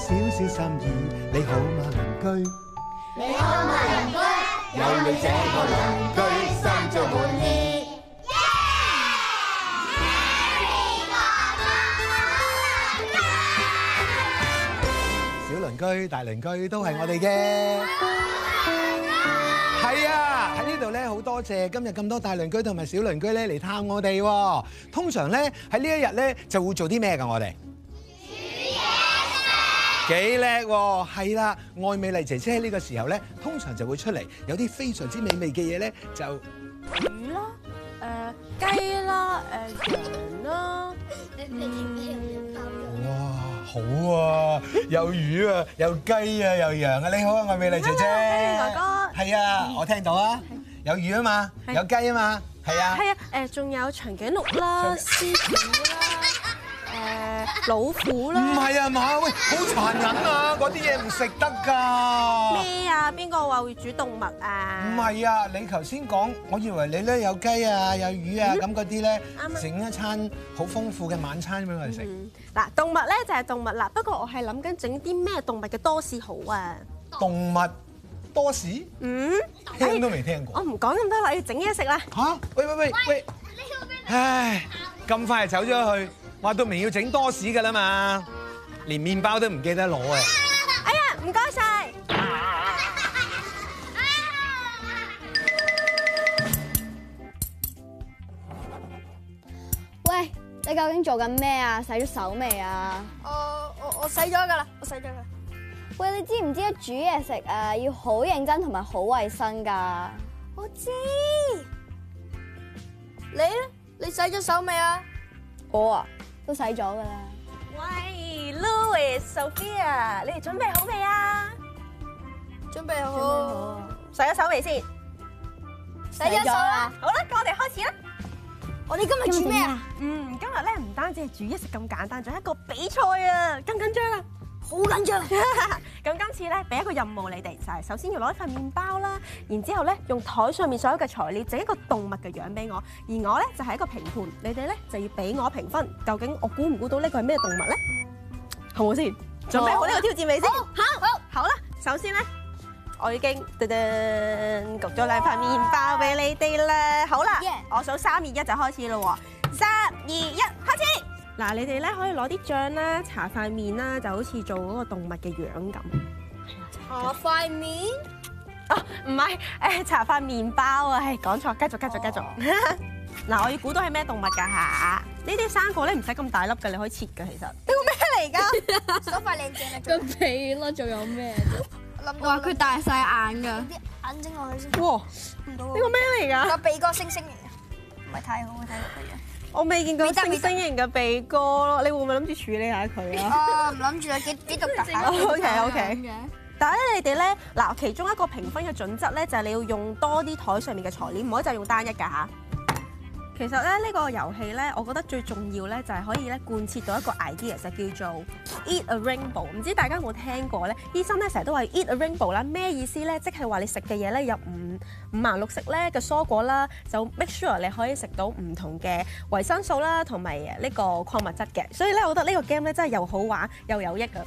小小心意，你好嗎，鄰居？你好嗎，鄰居？有你這個鄰居，心足滿意。耶！Garay 哥哥好鄰居。小鄰居、大鄰居都係我哋嘅。係啊居！喺呢度咧好多謝今日咁多大鄰居同埋小鄰居咧嚟探我哋。通常咧喺呢一日咧就會做啲咩㗎？我哋。幾叻喎，係啦，愛美麗姐姐喺呢個時候咧，通常就會出嚟，有啲非常之美味嘅嘢咧，就魚啦，誒雞啦，誒羊啦，哇，好啊，有魚啊，有雞啊，有羊啊，你好啊，愛美麗姐姐。係啊，大哥。係啊，我聽到啊，有魚啊嘛，有雞啊嘛，係啊。係啊，誒仲有長頸鹿啦，獅子。老虎啦！唔係啊，嘛喂，好殘忍啊！嗰啲嘢唔食得㗎。咩啊？邊個話會煮動物啊？唔係啊，你頭先講，我以為你咧有雞啊，有魚啊，咁嗰啲咧整一餐好豐富嘅晚餐俾我哋食。嗱，動物咧就係動物啦，不過我係諗緊整啲咩動物嘅多士好啊。動物多士？嗯，動物聽都未聽過。我唔講咁多啦，要整嘢食啦。吓？喂喂喂喂！喂你你唉，咁快就走咗去。話到明要整多士噶啦嘛，連麵包都唔記得攞啊。哎呀，唔該晒。喂，你究竟做緊咩啊？洗咗手未啊？我我我洗咗噶啦，我洗咗啦。喂，你，你知唔知煮嘢食啊？要好認真同埋好衛生噶。我知。你咧？你洗咗手未啊？我啊？都洗咗噶啦！喂，Louis、Sophia，你哋準備好未啊？準備好，洗咗手未先？洗咗手啦！好啦，咁我哋開始啦。我哋今日煮咩啊？嗯，今日咧，唔單止係煮一食咁簡單，仲有一個比賽啊，咁緊張啦！好緊張！咁今次咧，俾一個任務你哋，就係首先要攞一塊麵包啦，然之後咧，用台上面所有嘅材料整一個動物嘅樣俾我，而我咧就係一個評判，你哋咧就要俾我評分，究竟我估唔估到呢個係咩動物咧？好唔好先？準備好呢個挑戰未先？好，好啦，首先咧，我已經噔噔焗咗兩塊麵包俾你哋啦。好啦，我數三二一就開始啦喎，三二一開始。嗱，你哋咧可以攞啲醬啦，搽塊面啦，就好似做嗰個動物嘅樣咁。搽塊面？哦，唔係，誒，搽塊麵包啊，係講錯，繼續，繼續，繼續，哦。嗱， 我要估到係咩動物㗎吓，呢啲生果咧唔使咁大粒嘅，你可以切嘅其實。呢個咩嚟㗎？手快靚正啊！個鼻咯，仲 有咩？我諗我話佢大晒眼㗎。啲眼睛落去先。哇！呢個咩嚟㗎？個鼻哥星星形，唔係太好睇落嘅樣。我未見過星星型嘅鼻哥咯，你會唔會諗住處理下佢啊？啊、呃，唔諗住啦，幾幾獨特啊！O K O K。 okay, okay. 但係咧，你哋咧嗱，其中一個評分嘅準則咧，就係你要用多啲台上面嘅材料，唔可以就用單一㗎嚇。啊。其實咧，呢個遊戲咧，我覺得最重要咧，就係可以咧貫徹到一個 idea 就是，叫做 Eat a Rainbow。唔知大家有冇聽過咧？醫生咧成日都話 Eat a Rainbow 啦，咩意思咧？即係話你食嘅嘢咧有五五顏六色咧嘅蔬果啦，就 make sure 你可以食到唔同嘅維生素啦，同埋呢個礦物質嘅。所以咧，我覺得呢個 game 咧真係又好玩又有益啊！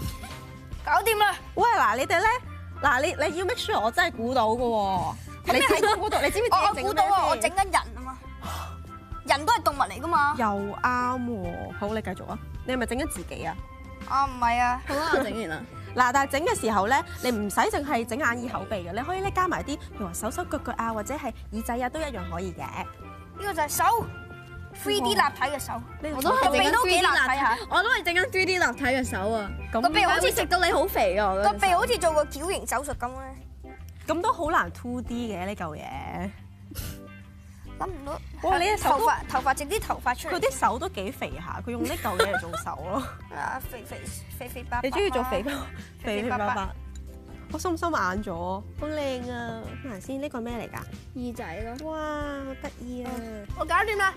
搞掂啦！喂，嗱，你哋咧，嗱，你你要 make sure 我真係估到嘅喎。你點估到？你知唔知 我整緊麼人？人都係動物嚟噶嘛？又啱喎。啊，好，你繼續啊！你係咪整緊自己啊？啊唔係啊，好啦，啊，整完啦。嗱， 但係整嘅時候咧，你唔使淨係整眼耳口鼻嘅，你可以咧加埋啲，譬如話手手腳腳啊，或者係耳仔啊，都一樣可以嘅。呢個就係手，three D 立體嘅手，哇我都係整緊，我都幾立體下。我都係整緊 three D 立體嘅手，手啊！個鼻好似食到你好肥啊。我個鼻好似做過矯形手術咁咧。咁都好難 two D 嘅呢嚿嘢，諗 唔到。哇！你嘅頭髮頭髮整啲頭髮出嚟。佢啲手都幾肥下，佢用呢嚿嘢嚟做手咯。啊，肥肥肥肥包，你中意做肥肥肥肥白白？我收唔收眼咗？好靚啊！先，呢個咩嚟㗎？耳仔咯。哇！好得意啊！我搞掂啦。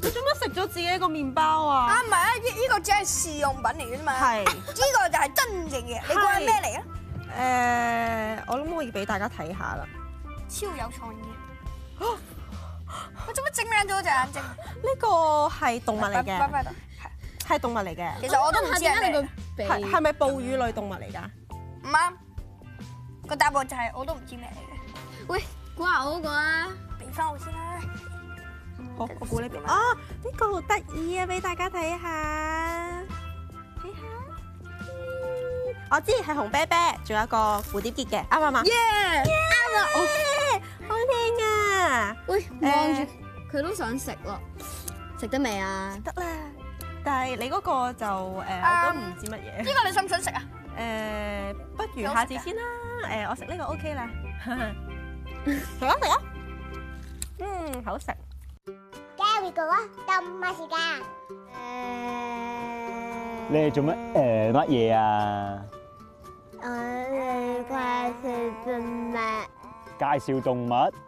你做乜食咗自己一個麵包啊？啊唔係啊，呢依個只係試用品嚟嘅啫嘛。係。呢個就係真正嘅。你估係咩嚟啊？誒，我諗可以俾大家睇下啦。超有創意。我做乜整靚咗隻眼睛？呢、啊這個係動物嚟嘅，係動物嚟嘅。其實我都唔知呢個係咪哺乳類動物嚟噶？唔啱、嗯，個、嗯、答案就係、是、我都唔知咩嚟嘅。喂，估下嗰個啊，俾翻我先啦。好，好我估呢邊。哦、呢、這個好得意啊，俾大家睇下。睇下、嗯，我知係紅啤啤，仲有一個蝴蝶結嘅，啱唔啱 y 耶！喂，望住佢都想食咯，食得未啊？食得啦，但係你嗰個就誒，我都唔知乜嘢。呢個你想唔想食啊？誒，不如下次先啦。誒，我食呢個 OK 啦，食啊食啊，嗯，好食。Garay 哥哥，到咩時間？誒，你做咩？誒，乜嘢啊？我嚟介紹動物。介紹動物。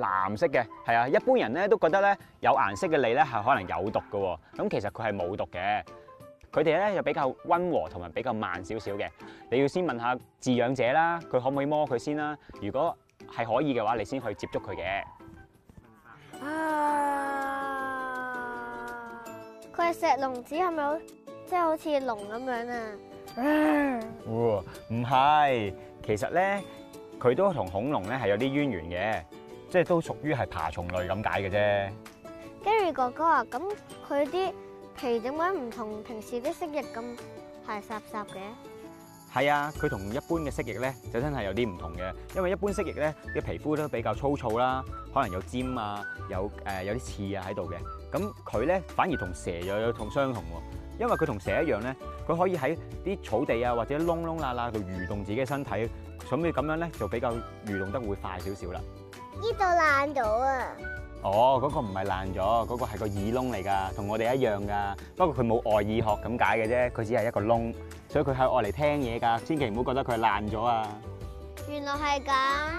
藍色嘅係啊，一般人咧都覺得咧有顏色嘅脷咧係可能有毒嘅，啊。咁其實佢係冇毒嘅，佢哋咧就比較温和同埋比較慢少少嘅。你要先問一下飼養者啦，佢可唔可以摸佢先啦？如果係可以嘅話，你先去接觸佢嘅。啊！佢係石龍子係咪？即係好似龍咁樣啊？哦，唔係，其實咧佢都同恐龍咧係有啲淵源嘅。即係都屬於係爬蟲類咁解嘅啫。Garay 哥哥啊，咁佢啲皮點解唔同平時啲蜥蜴咁係濕濕嘅？係啊，佢同一般嘅蜥蜴咧，就真係有啲唔同嘅。因為一般蜥蜴咧啲皮膚都比較粗糙啦，可能有尖啊，有誒有啲刺啊喺度嘅。咁佢咧反而同蛇又有同相同喎，因為佢同蛇一樣咧，佢可以喺啲草地啊或者窿窿罅罅度蠕動自己嘅身體，所以咁樣咧就比較蠕動得會快少少啦。呢度爛咗啊！哦，嗰個唔係爛咗，嗰個係個耳窿嚟噶，同我哋一樣噶。不過佢冇外耳殼咁解嘅啫，佢只係一個窿，所以佢係用嚟聽嘢噶。千祈唔好覺得佢係爛咗啊！原來係咁。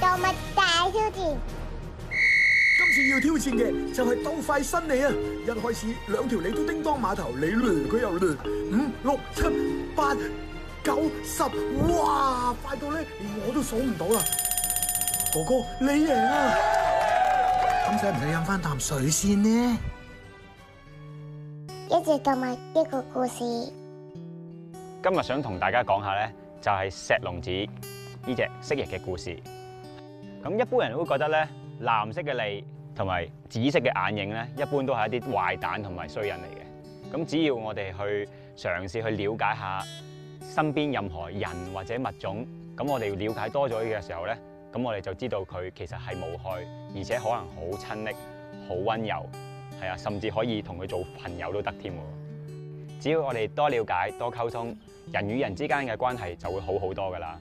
動物大挑戰。今次要挑戰嘅就係鬥快伸脷啊！一開始兩條脷都叮當馬頭，你捋佢又捋，五六七八九十，哇，快到咧，連我都數唔到啦！哥哥，你嚟喇！咁使唔使飲翻啖水先呢？一直講埋呢個故事。今日想同大家講下咧，就係石龍子呢隻蜥蜴嘅故事。咁一般人都會覺得咧，藍色嘅脷同埋紫色嘅眼影咧，一般都係一啲壞蛋同埋衰人嚟嘅。咁只要我哋去嘗試去了解下身邊任何人或者物種，咁我哋要了解多咗嘅時候咧。咁我哋就知道佢其實係無害，而且可能好親昵、好溫柔，啊，甚至可以同佢做朋友都得添喎。只要我哋多了解、多溝通，人與人之間嘅關係就會好好多噶啦。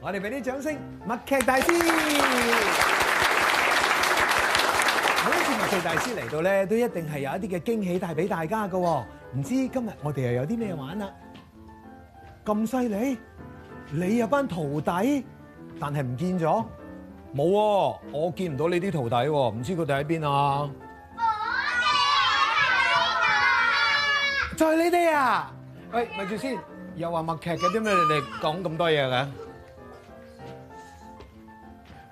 我哋俾啲掌聲，默劇大師。四大師嚟到咧，都一定係有一啲嘅驚喜帶俾大家噶。唔知今日我哋又有啲咩玩啦？咁犀利，你有班徒弟，但係唔見咗。冇，啊，我見唔到你啲徒弟。唔知佢哋喺邊啊？就係你哋啊？啊啊，喂，咪住先。又話默劇嘅，點解你哋講咁多嘢嘅？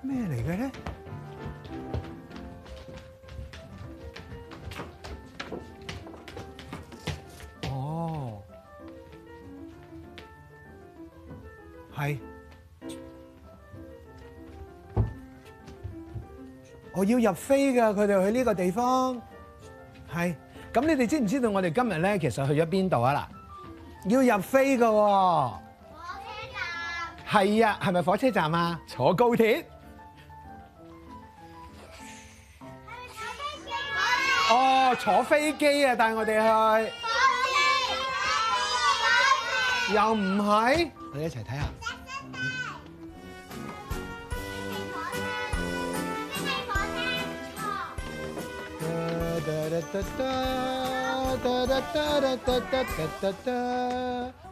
咩嚟嘅咧？係，我要入飛噶，佢哋去呢個地方。係，咁你哋知唔知道我哋今日咧，其實去咗邊度啊？嗱，要入飛噶。火車站。係呀，係咪火車站啊？坐高鐵。哦，坐飛機啊，帶我哋去。又唔係？我哋一齊睇下。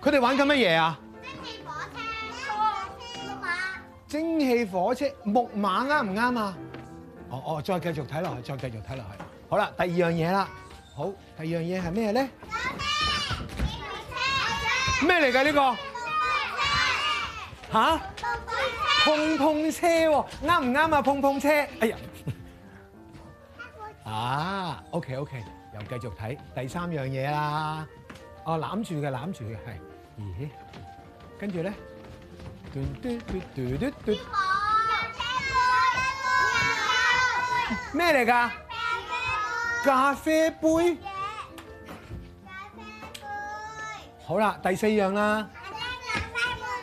佢哋玩緊乜嘢啊？蒸汽火，火，火車、木馬。蒸汽火車、木馬啱唔啱啊？哦哦，再繼續睇落去，再繼續睇落去。好啦，第二樣嘢啦。好，第二樣嘢係咩咧？車、咩嚟㗎呢個？碰碰車。吓？碰碰車。碰碰車喎，啱唔啱啊？碰碰車。哎呀。碰碰啊，OK OK，又繼續睇第三樣嘢啦。哦，攬住嘅攬住嘅，係。咦？跟住咧。嘟嘟嘟嘟嘟嘟。小火車，咖啡杯，咖啡杯。咩嚟噶？咖啡杯。咖啡杯。好啦，第四樣啦。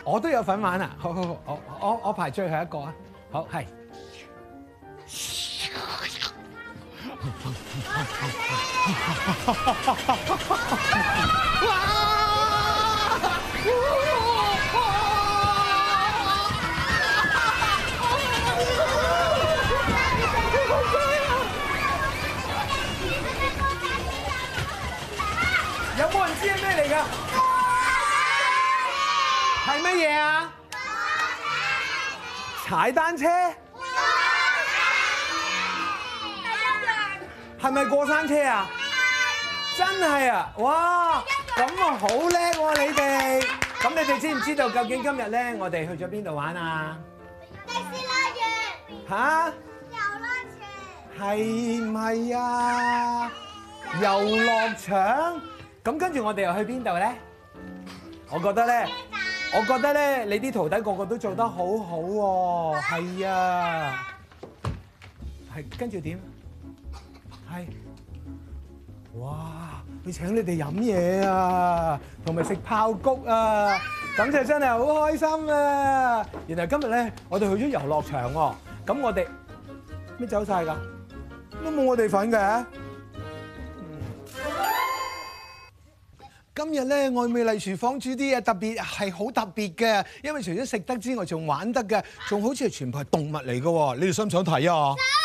我都有份玩啊！好好好，我我我排最後一個啊！好，係。啊、有冇人知係咩嚟噶？係乜嘢啊？踩單車？係咪過山車啊？真係啊，哇！咁啊好叻喎，你哋。咁你哋知唔知道究竟今日咧，我哋去咗邊度玩啊？迪士尼樂園。嚇？遊樂場。係唔係啊？係。遊樂場。咁跟住我哋又去邊度咧？我覺得咧，我覺得咧，你啲徒弟個個都做得好好喎。係啊。係跟住點？係。哇！佢請你哋飲嘢啊，同埋食爆谷啊，咁就、啊、真係好開心啊！原來今日咧，我哋去咗遊樂場喎，哦。咁我哋咩走晒㗎？都冇我哋份嘅。啊、今日咧，愛美麗廚房煮啲嘢特別係好特別嘅，因為除咗食得之外，仲玩得嘅，仲好似係全部係動物嚟嘅喎。你哋想唔想睇啊？啊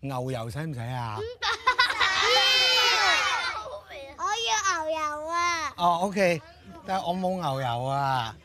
牛油使唔使啊？用 我要牛油啊！哦，oh，OK，嗯，但係我冇牛油啊。